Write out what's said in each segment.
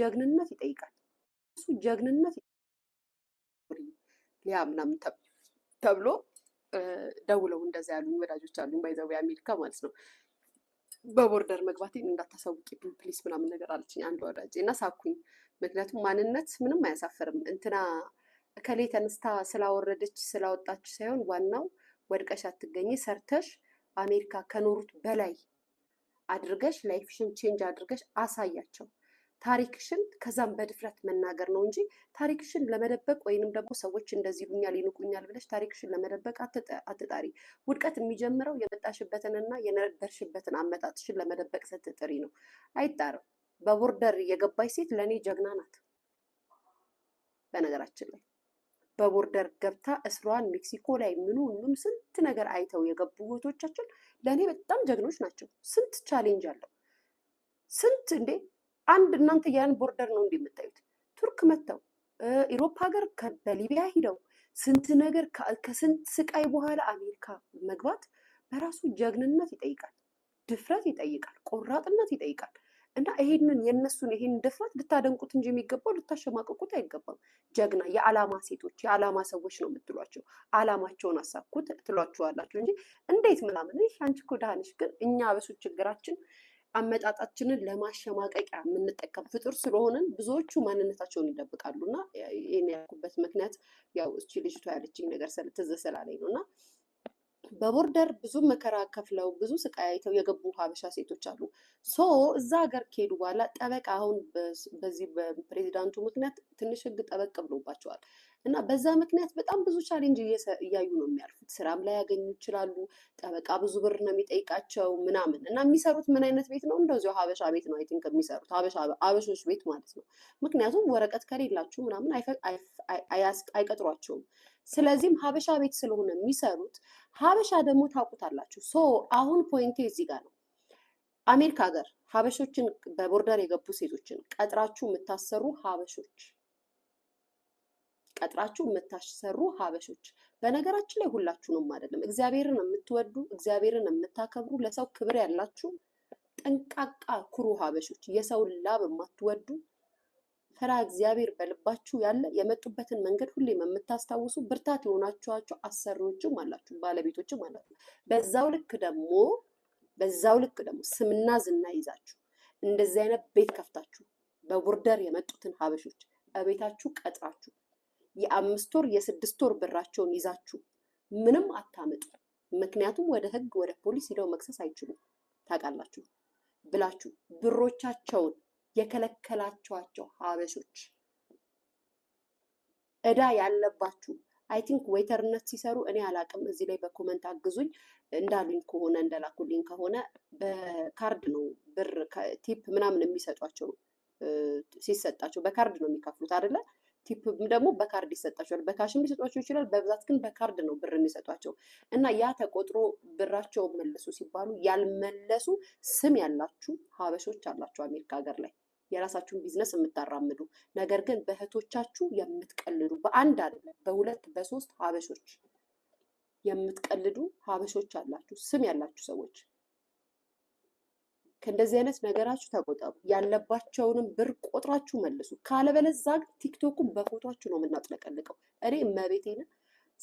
ጀግንነት ይጠይቃል። እሱ ጀግንነት ያ ምናምን ተብሎ ደውለው እንደዛ ያሉኝ ወዳጆች አሉኝ። ባይዘው አሜሪካ ማለት ነው በቦርደር መግባቴን እንዳታሳውቂ ፕሊስ ምናምን ነገር አለችኝ አንድ ወዳጅ እና ሳኩኝ። ምክንያቱም ማንነት ምንም አያሳፈርም። እንትና እከሌ ተነስታ ስላወረደች ስላወጣች ሳይሆን ዋናው ወድቀሽ አትገኝ፣ ሰርተሽ አሜሪካ ከኖሩት በላይ አድርገሽ ላይፍሽን ቼንጅ አድርገሽ አሳያቸው። ታሪክሽን ከዛም በድፍረት መናገር ነው እንጂ ታሪክሽን ለመደበቅ ወይንም ደግሞ ሰዎች እንደዚህ ይሉኛል ይንቁኛል ብለሽ ታሪክሽን ለመደበቅ አትጣሪ። ውድቀት የሚጀምረው የመጣሽበትንና የነበርሽበትን አመጣጥሽን ለመደበቅ ስትጥሪ ነው። አይጣርም። በቦርደር የገባች ሴት ለእኔ ጀግና ናት። በነገራችን ላይ በቦርደር ገብታ እስሯን ሜክሲኮ ላይ ምኑ ምኑም ስንት ነገር አይተው የገቡ እህቶቻችን ለእኔ በጣም ጀግኖች ናቸው። ስንት ቻሌንጅ አለው ስንት እንዴ አንድ እናንተ ያን ቦርደር ነው እንደ የምታዩት ቱርክ መጥተው ኢሮፓ ሀገር በሊቢያ ሂደው ስንት ነገር ከስንት ስቃይ በኋላ አሜሪካ መግባት በራሱ ጀግንነት ይጠይቃል፣ ድፍረት ይጠይቃል፣ ቆራጥነት ይጠይቃል። እና ይሄንን የእነሱን ይሄንን ድፍረት ልታደንቁት እንጂ የሚገባው ልታሸማቀቁት አይገባም። ጀግና የዓላማ ሴቶች የዓላማ ሰዎች ነው የምትሏቸው። ዓላማቸውን አሳኩት ትሏችኋላችሁ እንጂ እንዴት ምናምን ይህ አንቺ እኮ ደህና ነሽ። ግን እኛ በሱ ችግራችን አመጣጣችንን ለማሸማቀቂያ የምንጠቀም ፍጡር ስለሆንን ብዙዎቹ ማንነታቸውን ይደብቃሉ እና ይህን ያልኩበት ምክንያት ያው እቺ ልጅቷ ያለችኝ ነገር ትዝ ስላለኝ ነው እና በቦርደር ብዙ መከራ ከፍለው ብዙ ስቃይ አይተው የገቡ ሀበሻ ሴቶች አሉ። ሶ እዛ ሀገር ከሄዱ በኋላ ጠበቃ አሁን በዚህ በፕሬዚዳንቱ ምክንያት ትንሽ ህግ ጠበቅ ብሎባቸዋል። እና በዛ ምክንያት በጣም ብዙ ቻሌንጅ እያዩ ነው የሚያልፉት። ስራም ላይ ያገኙ ይችላሉ። ጠበቃ ብዙ ብር ነው የሚጠይቃቸው ምናምን እና የሚሰሩት ምን አይነት ቤት ነው? እንደዚ ሀበሻ ቤት ነው አይ ቲንክ የሚሰሩት ሀበሾች ቤት ማለት ነው። ምክንያቱም ወረቀት ከሌላችሁ ምናምን አይቀጥሯቸውም። ስለዚህም ሀበሻ ቤት ስለሆነ የሚሰሩት ሀበሻ ደግሞ ታውቁታላችሁ። ሶ አሁን ፖይንቴ እዚህ ጋር ነው። አሜሪካ ሀገር ሀበሾችን በቦርደር የገቡ ሴቶችን ቀጥራችሁ የምታሰሩ ሀበሾች ቀጥራችሁ የምታሰሩ ሀበሾች፣ በነገራችን ላይ ሁላችሁንም አይደለም፣ እግዚአብሔርን የምትወዱ እግዚአብሔርን የምታከብሩ ለሰው ክብር ያላችሁ ጠንቃቃ ኩሩ ሀበሾች፣ የሰውን ላብ የማትወዱ ፈራ እግዚአብሔር በልባችሁ ያለ የመጡበትን መንገድ ሁሌም የምታስታውሱ ብርታት የሆናችኋቸው አሰሪዎችም አላችሁ፣ ባለቤቶችም አላችሁ። በዛው ልክ ደግሞ በዛው ልክ ደግሞ ስምና ዝና ይዛችሁ እንደዚህ አይነት ቤት ከፍታችሁ በቦርደር የመጡትን ሀበሾች እቤታችሁ ቀጥራችሁ የአምስት ወር የስድስት ወር ብራቸውን ይዛችሁ ምንም አታምጡ፣ ምክንያቱም ወደ ህግ ወደ ፖሊስ ሂደው መክሰስ አይችሉም ታውቃላችሁ ብላችሁ ብሮቻቸውን የከለከላችኋቸው ሀበሾች እዳ ያለባችሁ አይ ቲንክ ዌይተርነት ሲሰሩ እኔ አላቅም። እዚህ ላይ በኮመንት አግዙኝ። እንዳሉኝ ከሆነ እንደላኩልኝ ከሆነ በካርድ ነው ብር ቲፕ ምናምን የሚሰጧቸው ሲሰጣቸው በካርድ ነው የሚከፍሉት አይደለ? ቲፕም ደግሞ በካርድ ይሰጣቸዋል። በካሽም ሊሰጧቸው ይችላል። በብዛት ግን በካርድ ነው ብር የሚሰጧቸው እና ያ ተቆጥሮ ብራቸው መልሱ ሲባሉ ያልመለሱ ስም ያላችሁ ሀበሾች አላቸው አሜሪካ ሀገር ላይ የራሳችሁን ቢዝነስ የምታራምዱ ነገር ግን በእህቶቻችሁ የምትቀልዱ በአንድ አለ በሁለት በሶስት ሀበሾች የምትቀልዱ ሀበሾች አላችሁ ስም ያላችሁ ሰዎች ከእንደዚህ አይነት ነገራችሁ ተቆጠሩ ያለባቸውንም ብር ቆጥራችሁ መልሱ። ካለበለዛ ቲክቶኩን በፎቶችሁ ነው የምናጥለቀልቀው። እኔ እመቤቴን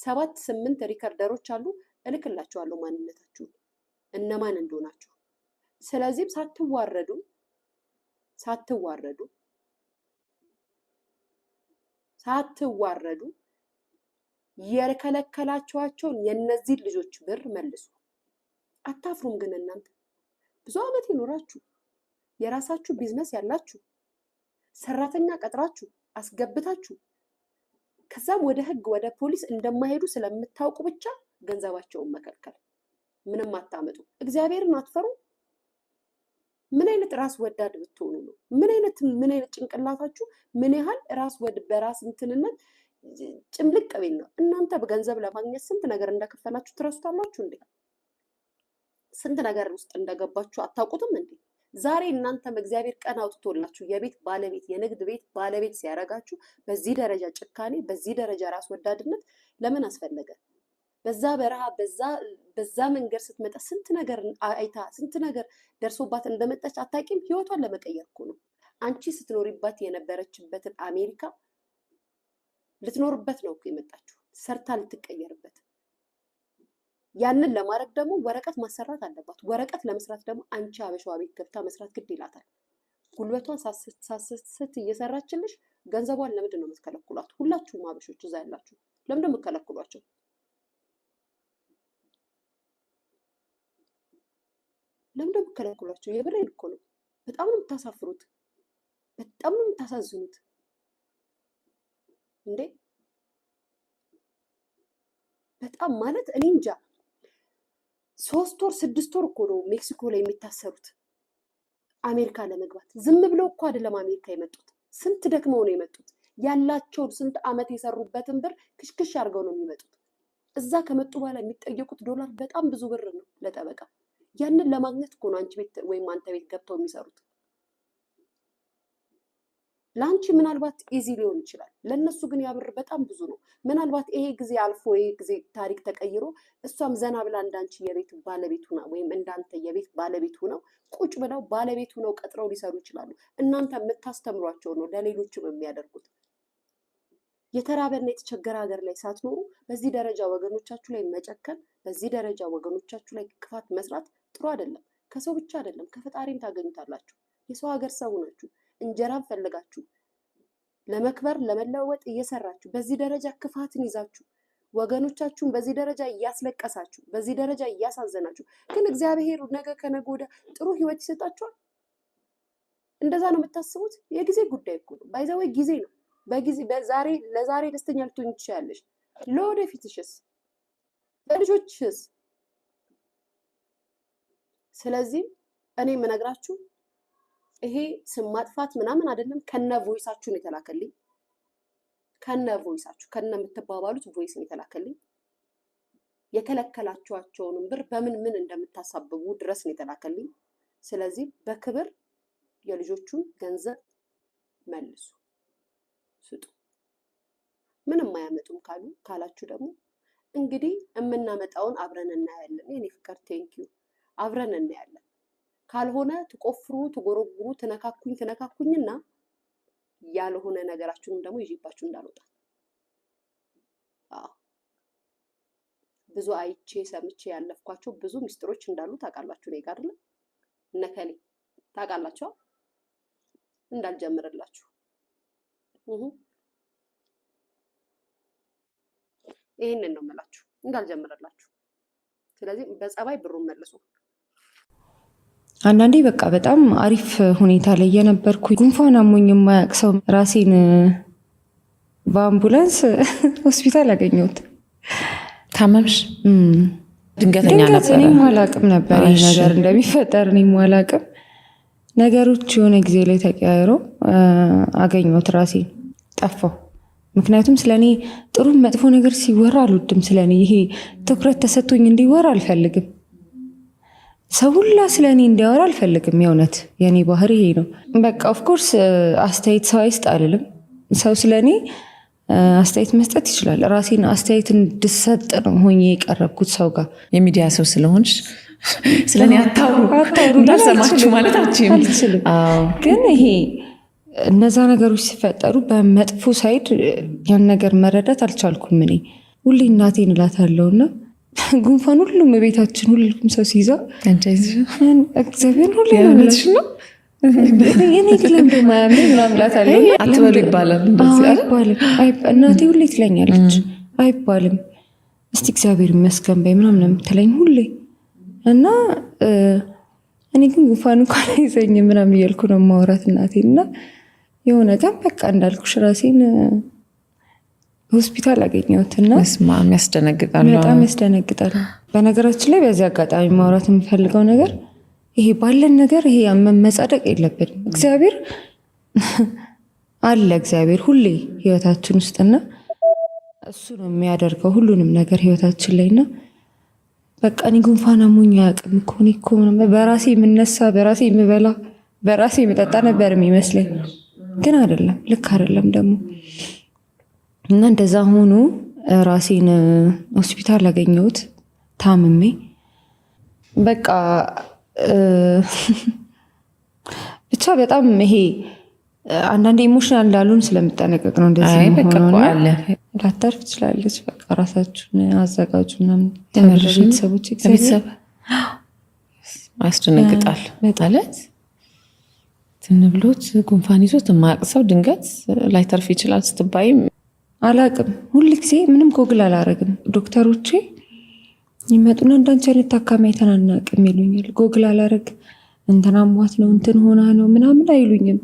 ሰባት ስምንት ሪከርደሮች አሉ፣ እልክላችኋለሁ ማንነታችሁን እነማን እንደሆናችሁ። ስለዚህም ሳትዋረዱ ሳትዋረዱ ሳትዋረዱ የከለከላችኋቸውን የእነዚህን ልጆች ብር መልሱ። አታፍሩም ግን እናንተ? ብዙ ዓመት ይኖራችሁ የራሳችሁ ቢዝነስ ያላችሁ ሰራተኛ ቀጥራችሁ አስገብታችሁ ከዛም ወደ ህግ ወደ ፖሊስ እንደማይሄዱ ስለምታውቁ ብቻ ገንዘባቸውን መከልከል፣ ምንም አታመጡ። እግዚአብሔርን አትፈሩ። ምን አይነት ራስ ወዳድ ብትሆኑ ነው? ምን አይነት ምን አይነት ጭንቅላታችሁ ምን ያህል ራስ ወድ በራስ እንትንነት ጭምልቅ ቅቤል ነው። እናንተ በገንዘብ ለማግኘት ስንት ነገር እንደከፈላችሁ ትረሱታላችሁ እንዴ? ስንት ነገር ውስጥ እንደገባችሁ አታውቁትም እንዴ? ዛሬ እናንተም እግዚአብሔር ቀን አውጥቶላችሁ የቤት ባለቤት የንግድ ቤት ባለቤት ሲያደርጋችሁ በዚህ ደረጃ ጭካኔ፣ በዚህ ደረጃ ራስ ወዳድነት ለምን አስፈለገ? በዛ በረሃ በዛ መንገድ ስትመጣ ስንት ነገር አይታ ስንት ነገር ደርሶባት እንደመጣች አታቂም። ህይወቷን ለመቀየር እኮ ነው። አንቺ ስትኖሪባት የነበረችበትን አሜሪካ ልትኖርበት ነው እኮ የመጣችሁ ሰርታ ልትቀየርበት ያንን ለማድረግ ደግሞ ወረቀት ማሰራት አለባት። ወረቀት ለመስራት ደግሞ አንቺ አበሻዋ ቤት ገብታ መስራት ግድ ይላታል። ጉልበቷን ሳስስት እየሰራችልሽ ገንዘቧን ለምንድን ነው የምትከለክሏት? ሁላችሁም አበሾች እዛ ያላችሁ ለምንድን ነው የምትከለክሏቸው? ለምንድን ነው የምትከለክሏቸው? እኮ ነው። በጣም ነው የምታሳፍሩት። በጣም ነው የምታሳዝኑት። እንዴ በጣም ማለት እኔ እንጃ ሶስት ወር ስድስት ወር እኮ ነው ሜክሲኮ ላይ የሚታሰሩት አሜሪካ ለመግባት። ዝም ብለው እኮ አይደለም አሜሪካ የመጡት፣ ስንት ደክመው ነው የመጡት። ያላቸውን ስንት አመት የሰሩበትን ብር ክሽክሽ አድርገው ነው የሚመጡት። እዛ ከመጡ በኋላ የሚጠየቁት ዶላር በጣም ብዙ ብር ነው ለጠበቃ። ያንን ለማግኘት እኮ ነው አንቺ ቤት ወይም አንተ ቤት ገብተው የሚሰሩት። ለአንቺ ምናልባት ኢዚ ሊሆን ይችላል፣ ለእነሱ ግን ያብር በጣም ብዙ ነው። ምናልባት ይሄ ጊዜ አልፎ ይሄ ጊዜ ታሪክ ተቀይሮ እሷም ዘና ብላ እንዳንቺ የቤት ባለቤት ነው ወይም እንዳንተ የቤት ባለቤት ሆነው ቁጭ ብለው ባለቤት ሁነው ቀጥረው ሊሰሩ ይችላሉ። እናንተ የምታስተምሯቸው ነው ለሌሎችም የሚያደርጉት። የተራበና የተቸገረ ሀገር ላይ ሳትኖሩ በዚህ ደረጃ ወገኖቻችሁ ላይ መጨከን፣ በዚህ ደረጃ ወገኖቻችሁ ላይ ክፋት መስራት ጥሩ አይደለም። ከሰው ብቻ አይደለም ከፈጣሪም ታገኙታላችሁ። የሰው ሀገር ሰው ናችሁ። እንጀራን ፈልጋችሁ ለመክበር ለመለወጥ እየሰራችሁ በዚህ ደረጃ ክፋትን ይዛችሁ ወገኖቻችሁን በዚህ ደረጃ እያስለቀሳችሁ በዚህ ደረጃ እያሳዘናችሁ፣ ግን እግዚአብሔር ነገ ከነገ ወዲያ ጥሩ ህይወት ይሰጣችኋል። እንደዛ ነው የምታስቡት? የጊዜ ጉዳይ እኮ ነው። ባይዘወይ ጊዜ ነው። በጊዜ በዛሬ ለዛሬ ደስተኛ ልትሆኝ ትችላለሽ። ለወደፊትሽስ? ለልጆችሽስ? ስለዚህ እኔ የምነግራችሁ ይሄ ስም ማጥፋት ምናምን አይደለም። ከነ ቮይሳችሁን የተላከልኝ ከነ ቮይሳችሁ ከነ የምትባባሉት ቮይስ ነው የተላከልኝ። የከለከላችኋቸውንም ብር በምን ምን እንደምታሳብቡ ድረስ ነው የተላከልኝ። ስለዚህ በክብር የልጆቹን ገንዘብ መልሱ፣ ስጡ። ምንም አያመጡም ካሉ ካላችሁ ደግሞ እንግዲህ የምናመጣውን አብረን እናያለን። የኔ ፍቅር ቴንኪዩ፣ አብረን እናያለን። ካልሆነ ትቆፍሩ፣ ትጎረጉሩ፣ ትነካኩኝ ትነካኩኝና ያልሆነ ነገራችሁንም ደግሞ ይዤባችሁ እንዳልወጣ ብዙ አይቼ ሰምቼ ያለፍኳቸው ብዙ ሚስጥሮች እንዳሉ ታውቃላችሁ። እኔ ጋር ነከሌ እንዳልጀምርላችሁ ይህንን ነው የምላችሁ እንዳልጀምርላችሁ። ስለዚህ በጸባይ ብሩን መልሱ። አንዳንዴ በቃ በጣም አሪፍ ሁኔታ ላይ የነበርኩ ጉንፋን አሞኝ የማያውቅ ሰው ራሴን በአምቡላንስ ሆስፒታል አገኘሁት። ታመምሽ? ድንገተኛ ነበር። እኔም አላቅም ነበር ነገር እንደሚፈጠር፣ እኔም አላቅም። ነገሮች የሆነ ጊዜ ላይ ተቀያይሮ አገኘሁት ራሴን፣ ጠፋው። ምክንያቱም ስለ እኔ ጥሩ መጥፎ ነገር ሲወራ አልወድም። ስለ እኔ ይሄ ትኩረት ተሰጥቶኝ እንዲወራ አልፈልግም። ሰው ሁላ ስለ እኔ እንዲያወራ አልፈልግም። የእውነት የእኔ ባህር ይሄ ነው። በቃ ኦፍኮርስ አስተያየት ሰው አይስጥ አልልም። ሰው ስለ እኔ አስተያየት መስጠት ይችላል። ራሴን አስተያየት እንድሰጥ ነው ሆኜ የቀረብኩት ሰው ጋር። የሚዲያ ሰው ስለሆንሽ ስለ እኔ አታውሩ እንዳልሰማችሁ ማለት አልችልም። ግን ይሄ እነዛ ነገሮች ሲፈጠሩ በመጥፎ ሳይድ ያን ነገር መረዳት አልቻልኩም። እኔ ሁሌ እናቴን እላታለሁና ጉንፋን ሁሉም ቤታችን ሁሉም ሰው ሲይዛ እግዚአብሔር ሁሌ ነው እናቴ ሁሌ ትለኛለች አይባልም። እስቲ እግዚአብሔር ይመስገን በይ ምናምን የምትለኝ ሁሌ እና እኔ ግን ጉንፋን እንኳን አይዘኝም ምናምን እያልኩ ነው ማውራት እናቴ እና የሆነ ቀን በቃ እንዳልኩሽ ራሴን ሆስፒታል አገኘሁትና ስማም ያስደነግጣል፣ በጣም ያስደነግጣል። በነገራችን ላይ በዚህ አጋጣሚ ማውራት የምፈልገው ነገር ይሄ ባለን ነገር ይሄ መመጻደቅ የለብንም። እግዚአብሔር አለ፣ እግዚአብሔር ሁሌ ህይወታችን ውስጥና እሱ ነው የሚያደርገው ሁሉንም ነገር ህይወታችን ላይና በቃ እኔ ጉንፋን አሞኝ አያውቅም እኮ እኔ እኮ በራሴ የምነሳ በራሴ የምበላ በራሴ የምጠጣ ነበር የሚመስለኝ፣ ግን አይደለም፣ ልክ አይደለም ደግሞ እና እንደዛ ሆኖ ራሴን ሆስፒታል አገኘሁት ታምሜ። በቃ ብቻ በጣም ይሄ አንዳንድ ኢሞሽናል እንዳሉን ስለምጠነቀቅ ነው። እንደዚህ ላታርፍ ትችላለች። በቃ ራሳችሁን አዘጋጁ ምናምን ቤተሰቦች ቤተሰብ አስደነግጣል ማለት ትንብሎት ጉንፋን ይዞት የማያውቅ ሰው ድንገት ላይተርፍ ይችላል ስትባይም አላቅም። ሁል ጊዜ ምንም ጎግል አላረግም። ዶክተሮቼ ይመጡና እንዳንቺ አይነት ታካሚ አይተናናቅም ይሉኛል። ጎግል አላረግ እንትን አሟት ነው እንትን ሆና ነው ምናምን አይሉኝም።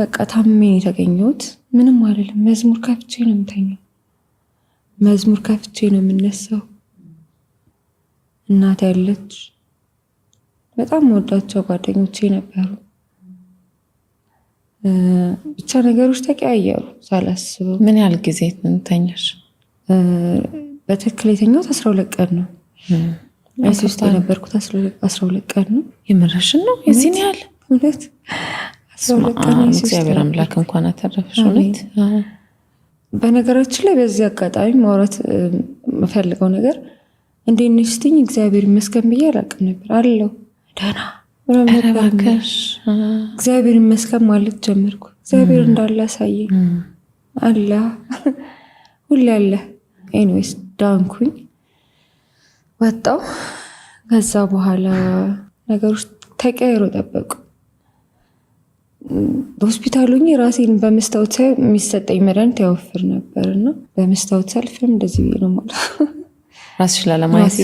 በቃ ታምሜ የተገኘሁት ምንም አልልም። መዝሙር ከፍቼ ነው የምተኛው። መዝሙር ከፍቼ ነው የምነሳው። እናት ያለች በጣም ወዳቸው ጓደኞቼ ነበሩ። ብቻ ነገሮች ተቀያየሩ ሳላስበው። ምን ያህል ጊዜ ተኛሽ? በትክክል የተኛሁት አስራ ሁለት ቀን ነው። ሶስት የነበርኩት አስራ ሁለት ቀን ነው። የምረሽን ነው? የዚህን ያህል እውነት? እግዚአብሔር አምላክ እንኳን አተረፍሽ። እውነት በነገራችን ላይ በዚህ አጋጣሚ ማውራት የምፈልገው ነገር እንዴት ነሽ ስትይኝ እግዚአብሔር ይመስገን ብዬ አላውቅም ነበር አለው ደህና ረባከሽ እግዚአብሔር ይመስገን ማለት ጀመርኩ። እግዚአብሔር እንዳለ አሳየኝ። አለ ሁሌ አለ። ኤኒዌይስ ዳንኩኝ፣ ወጣው። ከዛ በኋላ ነገሮች ተቀያይሮ ጠበቁ። ሆስፒታሉ ራሴን በመስታወት ሳይ የሚሰጠኝ መድኃኒት ያወፍር ነበር እና በመስታወት ሳልፍም እንደዚህ ነው ማለት ራስሽ ላለማየት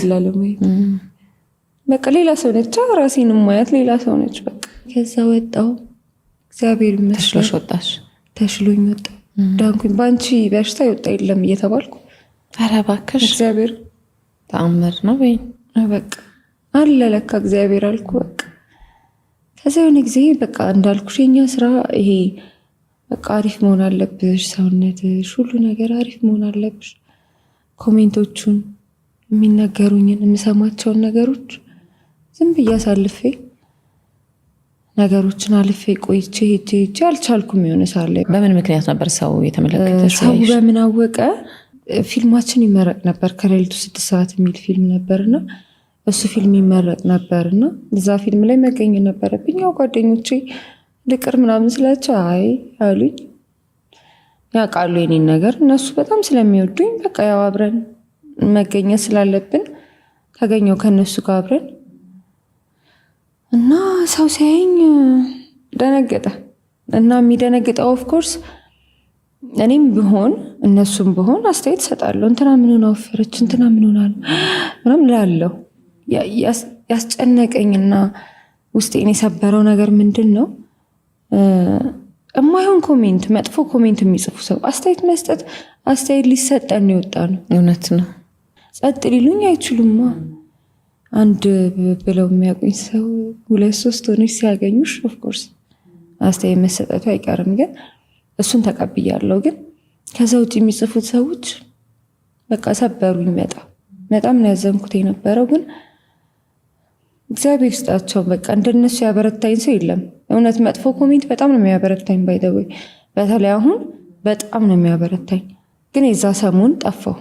በቃ ሌላ ሰው ነች። ራሴን ማያት ሌላ ሰው ነች። በቃ ከዛ ወጣው እግዚአብሔር ይመስገን ወጣሽ። ተሽሎኝ ወጣ ዳንኩኝ። በአንቺ በሽታ ይወጣ የለም እየተባልኩ ኧረ እባክሽ እግዚአብሔር ተአምር ነው ወይ በቃ አለ ለካ እግዚአብሔር አልኩ። በቃ ከዚያ የሆነ ጊዜ በቃ እንዳልኩሽ የኛ ስራ ይሄ በቃ አሪፍ መሆን አለብሽ፣ ሰውነትሽ፣ ሁሉ ነገር አሪፍ መሆን አለብሽ። ኮሜንቶቹን የሚነገሩኝን የምሰማቸውን ነገሮች ዝም ብዬ አሳልፌ ነገሮችን አልፌ ቆይቼ ሄጄ ሄጄ አልቻልኩም። የሆነ ሳለ በምን ምክንያት ነበር ሰው የተመለከተ ሰው በምን አወቀ? ፊልማችን ይመረቅ ነበር ከሌሊቱ ስድስት ሰዓት የሚል ፊልም ነበርና እሱ ፊልም ይመረቅ ነበርና እዛ ፊልም ላይ መገኘት ነበረብኝ። ያው ጓደኞቼ ልቅር ምናምን ስላቸው አይ አሉኝ። ያውቃሉ የኔን ነገር እነሱ በጣም ስለሚወዱኝ በቃ ያው አብረን መገኘት ስላለብን ተገኘው ከእነሱ ጋር አብረን እና ሰው ሲያየኝ ደነገጠ እና የሚደነግጠው ኦፍኮርስ እኔም ብሆን እነሱም ብሆን አስተያየት እሰጣለሁ። እንትና ምን ሆና ወፈረች፣ እንትና ምን ሆናል ምናምን እላለሁ። ያስጨነቀኝና ውስጤን የሰበረው ነገር ምንድን ነው? እማይሆን ኮሜንት፣ መጥፎ ኮሜንት የሚጽፉ ሰው አስተያየት መስጠት አስተያየት ሊሰጠን የወጣ ነው። እውነት ነው። ጸጥ ሊሉኝ አይችሉማ። አንድ ብለው የሚያውቁኝ ሰው ሁለት ሶስት ሆነች ሲያገኙሽ ኦፍኮርስ አስተያየት መሰጠቱ አይቀርም። ግን እሱን ተቀብያለሁ። ግን ከዛ ውጭ የሚጽፉት ሰዎች በቃ ሰበሩኝ። በጣም በጣም ነው ያዘንኩት የነበረው። ግን እግዚአብሔር ይስጣቸው። በቃ እንደነሱ ያበረታኝ ሰው የለም። እውነት መጥፎ ኮሜንት በጣም ነው የሚያበረታኝ። ባይደወይ በተለይ አሁን በጣም ነው የሚያበረታኝ። ግን የዛ ሰሞን ጠፋው።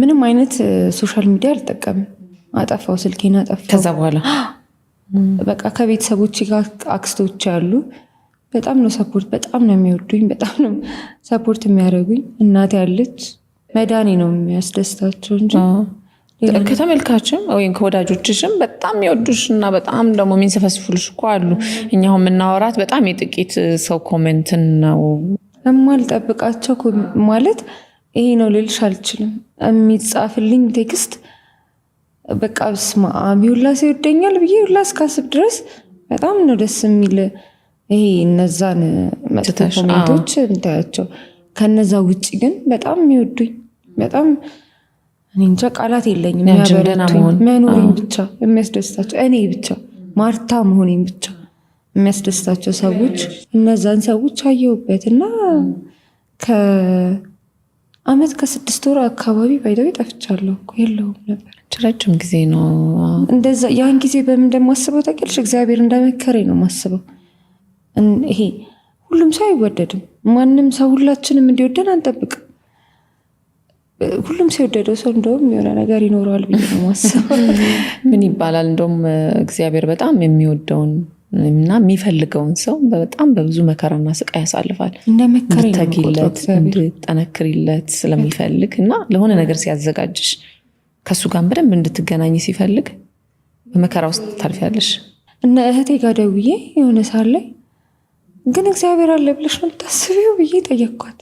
ምንም አይነት ሶሻል ሚዲያ አልጠቀምም። አጠፋው፣ ስልኬን አጠፋው። ከዛ በኋላ በቃ ከቤተሰቦች ጋር አክስቶች አሉ። በጣም ነው ሰፖርት፣ በጣም ነው የሚወዱኝ፣ በጣም ነው ሰፖርት የሚያደርጉኝ። እናቴ ያለች መዳኔ ነው የሚያስደስታቸው እንጂ ከተመልካችም ወይም ከወዳጆችሽም በጣም የሚወዱሽ እና በጣም ደግሞ የሚንሰፈስፉልሽ እኮ አሉ። እኛ የምናወራት በጣም የጥቂት ሰው ኮሜንትን ነው የማልጠብቃቸው ማለት ይሄ ነው ልልሽ አልችልም። የሚጻፍልኝ ቴክስት በቃ ስማ ሁላ ሰው ይወደኛል ብዬ ሁላ እስካስብ ድረስ በጣም ነው ደስ የሚል። ይሄ እነዛን መጥቶ ኮሜንቶች እንታያቸው። ከነዛ ውጭ ግን በጣም የሚወዱኝ በጣም እንጃ ቃላት የለኝም። መኖሬን ብቻ የሚያስደስታቸው እኔ ብቻ ማርታ መሆኔን ብቻ የሚያስደስታቸው ሰዎች እነዛን ሰዎች አየሁበት እና አመት ከስድስት ወር አካባቢ ባይደው ጠፍቻለሁ የለውም ነበር። ረጅም ጊዜ ነው። እንደዛ ያን ጊዜ በምን እንደማስበው ታውቂያለሽ? እግዚአብሔር እንዳመከረኝ ነው ማስበው። ይሄ ሁሉም ሰው አይወደድም። ማንም ሰው ሁላችንም እንዲወደን አንጠብቅም። ሁሉም ሰው የወደደው ሰው እንደውም የሆነ ነገር ይኖረዋል ብዬ ነው ማስበው። ምን ይባላል እንደውም እግዚአብሔር በጣም የሚወደውን እና የሚፈልገውን ሰው በጣም በብዙ መከራና ስቃይ ያሳልፋል። እንድተጊለት እንድጠነክሪለት ስለሚፈልግ እና ለሆነ ነገር ሲያዘጋጅሽ ከእሱ ጋር በደንብ እንድትገናኝ ሲፈልግ በመከራ ውስጥ ታልፊያለሽ። እና እህቴ ጋር ደውዬ የሆነ ሳር ላይ ግን እግዚአብሔር አለ ብለሽ ነው የምታስቢው ብዬ ጠየኳት።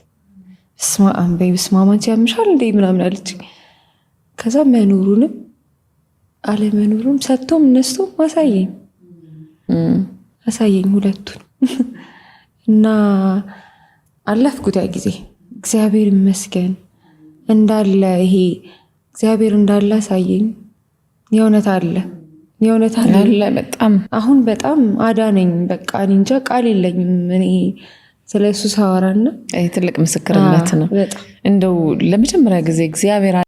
ስማ አንበይ ብስማ ማንቺ እንዴ ምናምን አለች። ከዛ መኖሩንም አለመኖሩም ሰጥቶም እነስቶ ማሳየኝ አሳየኝ ሁለቱን እና አለፍኩት። ያ ጊዜ እግዚአብሔር ይመስገን እንዳለ ይሄ እግዚአብሔር እንዳለ አሳየኝ። የእውነት አለ የእውነት አለ። በጣም አሁን በጣም አዳነኝ። በቃ እንጃ ቃል የለኝም እኔ ስለ እሱ ሳወራና ትልቅ ምስክርነት ነው። እንደው ለመጀመሪያ ጊዜ እግዚአብሔር